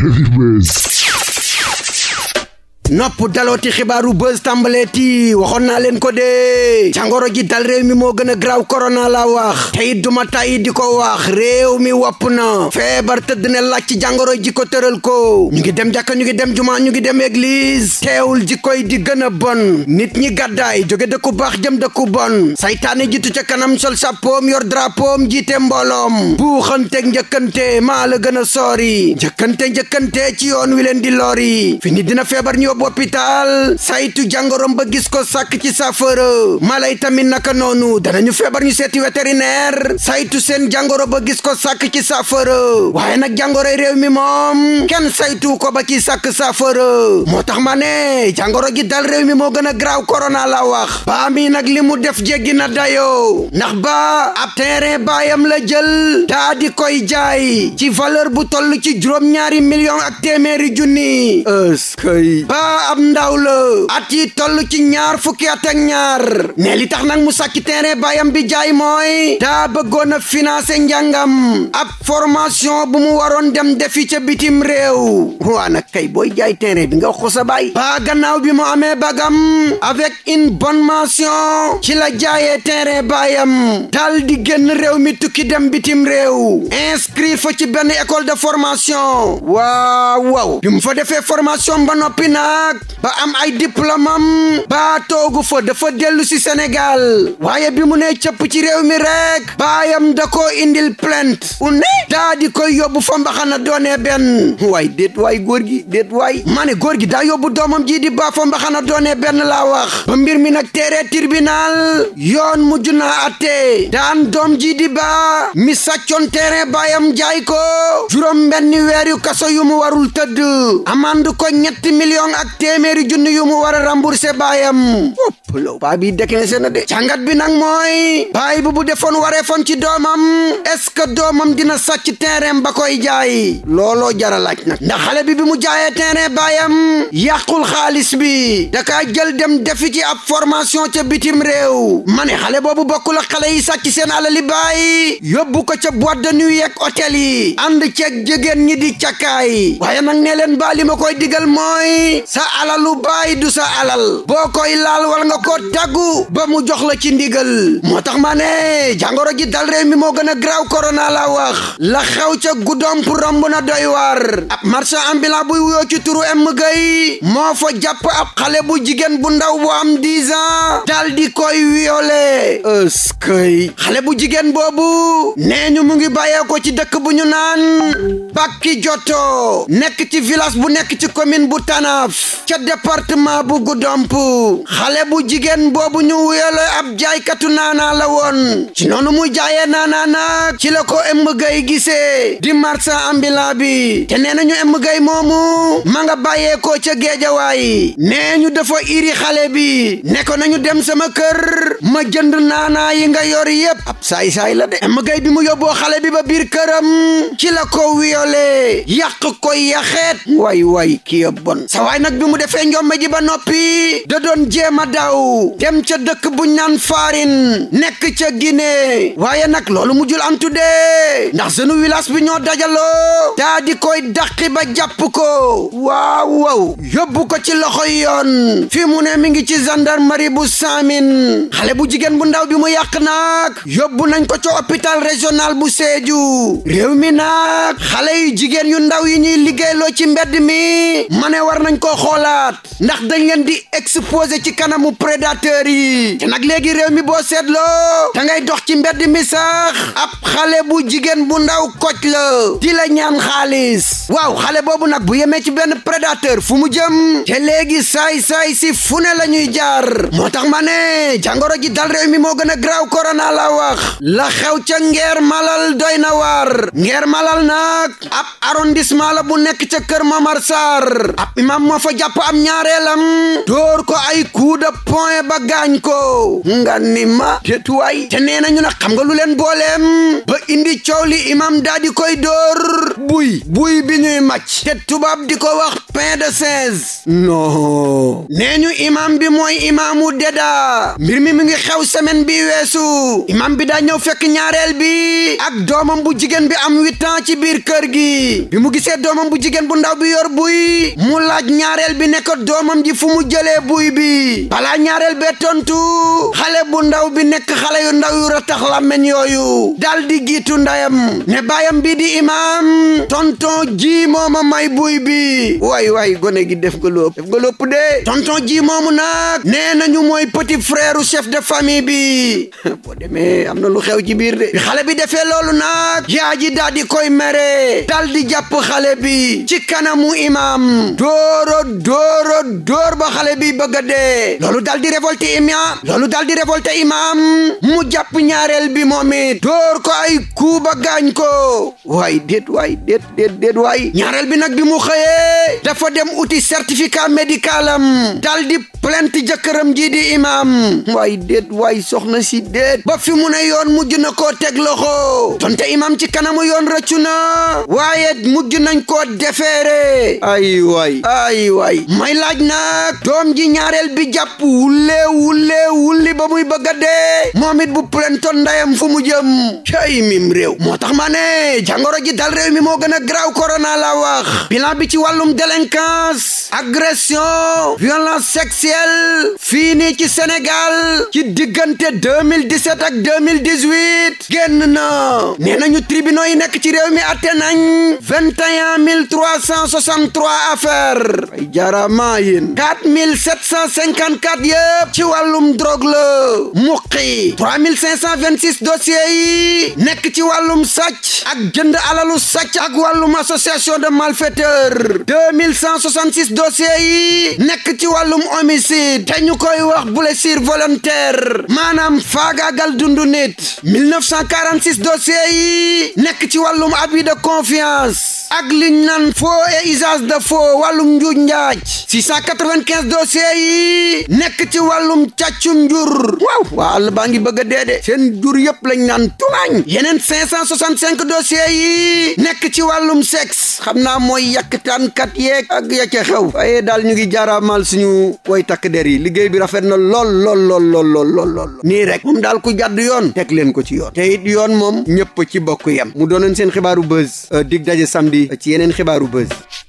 Heavyweights. nopp dalooti xibaaru buzz tàmbaleeti waxoon naa leen ko dee jàngoro ji dal réew mi moo gën a graw korona la wax te it duma tàyyi di ko wax réew mi wopp na feebar tëdd na laaj ci jàngoro ji ko tëral ko ñu ngi dem jàkka ñu ngi dem jumaa ñu ngi dem église teewul ji koy di gën a bon nit ñi gàddaay jóge dëkku baax jëm dëkku bon saytaane jitu ca kanam sol sàppoom yor drapoom jiite mbooloom buuxanteeg njëkkante maa la gën a soori njëkkante njëkkante ci yoon wi leen di lori fi dina feebar ñu yóbbu hôpital saytu jàngoroom ba gis ko sàkk ci saafara mala yi tamit naka noonu ñu feebar ñu seeti vétérinaire saytu seen jàngoro ba gis ko sakk ci saafara waaye nag jàngoroy réew mi moom kenn saytu ko ba ci sàkk saafara moo tax ma ne jàngoro gi dal réew mi moo gën graaw corona la wax ba mi nag li mu def jéggi na dayo ndax ba ab terrain baayam la jël daa di koy jaay ci valeur bu toll ci juróom-ñaari million ak téeméeri junni eskay Touba ab ndaw la at yi toll ci ñaar fukki at ak ñaar ne li tax nag mu sàkki terrain baayam bi jaay mooy daa bëggoon a njàngam ab formation bu mu waroon dem defi ca bitim réew waa nag kay booy jaay terrain bi nga xosa baay ba gannaaw bi mu amee bagam avec une bonne ci la jaaye terrain baayam dal di génn réew mi tukki dem bitim réew inscrit fo ci benn école de formation waaw waaw mu fa defee formation ba noppi na Irak ba am ay diplôme am baa toogu fa dafa dellu si Sénégal waaye bi mu ne cëpp ci réew mi rek baayam da koo indil plainte une daa koy yóbbu fa mbaxana doone benn waay déet waay góor gi déet waay maa ne góor gi daa yóbbu doomam ji di baa fa mbaxana doone benn laa wax ba mbir mi nag teere tirbinal yoon mujj naa daan doom ji di baa mi sàccoon terrain baayam jaay ko juróom benn weeru kaso yu mu warul tëdd amande ko ñetti million ak ak téeméeri junni yu mu war a rembourser baayam low baa bi déclenché na de jàngat bi nag mooy baay bu bu defoon waree fam ci doomam est-ce que doomam dina sàcc terrain ba koy jaay looloo jara laaj ndax xale bi bi mu jaayee terrain baayam yàqul xaalis bi dakaa jël dem defi ci ab formation ca bitim réew ma ne xale boobu bokkul ak xale yi sàcc seen alali baay yóbbu ko ca boîte de nuit yeeg hôtel yi ànd ñi di cakkaay waaye nag nee leen baa li ma koy digal sa alalu baay du sa alal boo koy laal war ko tàggu ba mu jox la ci ndigal moo tax mane ne jàngoro ji dal réew moo gën a graw korona la wax la xew ca guddoom pour romb na doy waar ab marchand ambulant buy wuyoo ci turu em gay moo fa jàpp ab xale bu jigéen bu ndaw bu am 10 ans dal di koy violé ëskëy xale bu jigéen boobu nee ñu mu ngi bàyyee ko ci dëkk bu ñu naan Bakki Joto nekk ci village bu nekk ci commune bu Tanaf ca département bu Goudomp xale bu jigéen boobu ñu wuyale ab jaaykatu naanaa la woon ci noonu muy jaayee naanaa nag ci la ko ëmb gay gisee di marsa ambulant bi te nee nañu ëmb gay moomu ma nga bàyyeekoo ca géejawaay nee ñu dafa iri xale bi ne ko nañu dem sama kër ma jënd naanaa yi nga yor yépp ab saay la de ëmb bi mu yóbboo xale bi ba biir këram ci la ko wiyole yàq ko yaxeet way way ki bon bi mu defee njombe ji ba noppi da doon jéem a daw dem ca dëkk buñ naan Farine nekk ca gine waaye nag loolu mujjul am tuddee ndax sunu village bi ñoo dajaloo daa di koy dàqi ba jàpp ko waaw yóbbu ko ci loxoy yoon fi mu ne mi ngi ci mari bu Samin xale bu jigéen bu ndaw bi mu yàq nag yóbbu nañ ko ca hôpital régional bu Sédhiou réew mi nag xale yu jigéen yu ndaw yi ñuy liggéeyloo ci mbedd mi ma ne war nañ ko xoolaat ndax dañ leen di exposé ci kanamu prédateurs yi te nag léegi réew mi boo seetloo da ngay dox ci mbedd mi sax ab xale bu jigéen bu ndaw koc la di la ñaan xaalis waaw xale boobu nag bu yemee ci benn prédateur fu mu jëm te léegi saay-saay si fu ne la ñuy jaar moo tax ma ne jàngoro ji dal réew mi moo gën a graaw korona la wax la xew ca ngeer malal doy na waar ngeer malal nag ab arrondissement la bu nekk ca kër Momar Sarr ab imam moo fa dafa jàpp am ñaareelam dóor ko ay coup de poing ba gaañ ko nga ni ma détuwaay te nee nañu na xam nga lu leen booleem ba indi coow li imam daa di koy dóor buy buy bi ñuy màcc te tubaab di ko wax pain de seize non nee ñu imam bi mooy de deda mbir mi mi ngi xew semaine bi weesu imam bi daa ñëw fekk ñaareel bi ak doomam bu jigéen bi am huit ans ci biir kër gi bi mu gisee doomam bu jigéen bu ndaw bi yor buy mu laaj ñaar ñaareel bi ne ko doomam ji fu mu jëlee buy bi balaa ñaareel bee tontu xale bu ndaw bi nekk xale yu ndaw yu ratax làmmeñ yooyu dal di giitu ndayam ne baayam bi di imaam tonton ji mooma may buy bi waay waay gone gi def nga lóop def nga lóop de tonton ji moomu nag nee nañu mooy petit frère chef de famille bi boo demee am na lu xew ci biir de bi xale bi defee loolu nag yaa ji daal di koy mere dal di jàpp xale bi ci kanamu imaam dooro dóora dóor ba xale bi bëgg a dee loolu dal di révolté imam loolu dal di révolté imam mu jàpp ñaareel bi moom it dóor ko ay kuu gaañ ko waay déet waay déet déet déet waay ñaareel bi nag bi mu xëyee dafa dem uti certificat médical am dal di plainte jëkkëram ji di imaam waay déet waay soxna si déet ba fi mu ne yoon mujj na koo teg loxo donte imaam ci kanamu yoon rëccu na waaye mujj nañ koo defeere ay waay ay waay may laaj nag doom ji ñaareel bi jàpp wulle wulle wulli ba muy bëgg a dee moom it bu plaintoon ndayam fu mu jëm cay mim réew moo tax ma ne jàngoro ji dal réew mi moo gën a graw corona la wax bilan bi ci wàllum délinquance agression violence sexuelle Diourbel fii nii ci Sénégal ci diggante 2017 ak 2018 génn na nee nañu tribunaux yi nekk ci réew mi atte nañ 21 363 affaires ay jaarama yéen 4 754 yëpp ci wàllum drogue la muqi 3526 dossiers yi nekk ci wàllum sàcc ak jënd alalu sàcc ak wàllum association de malfaiteurs 2166 dossiers yi nekk ci wàllum omis génocide ñu koy wax blessure volontaire maanaam faagaagal dundu nit 1946 dossier yi nekk ci wàllum abus de confiance ak liñ naan fo et usage de faux wàllum njuuj njaaj 695 dossier yi nekk ci wàllum càccum njur waaw waa àll baa ngi bëgg a dee de seen jur yëpp lañ naan tumañ yeneen 565 dossier yi nekk ci wàllum sexe xam naa mooy yàktaankat yeeg ak ya ca xew waaye daal ñu ngi jaaraamaal suñu way takk der yi liggéey bi rafet na lool lool lool lool nii rek moom daal ku jàdd yoon teg leen ko ci yoon te it yoon moom ñëpp ci bokk yem mu doonoon seen xibaaru buzz dig sam samedi ci yeneen xibaaru buzz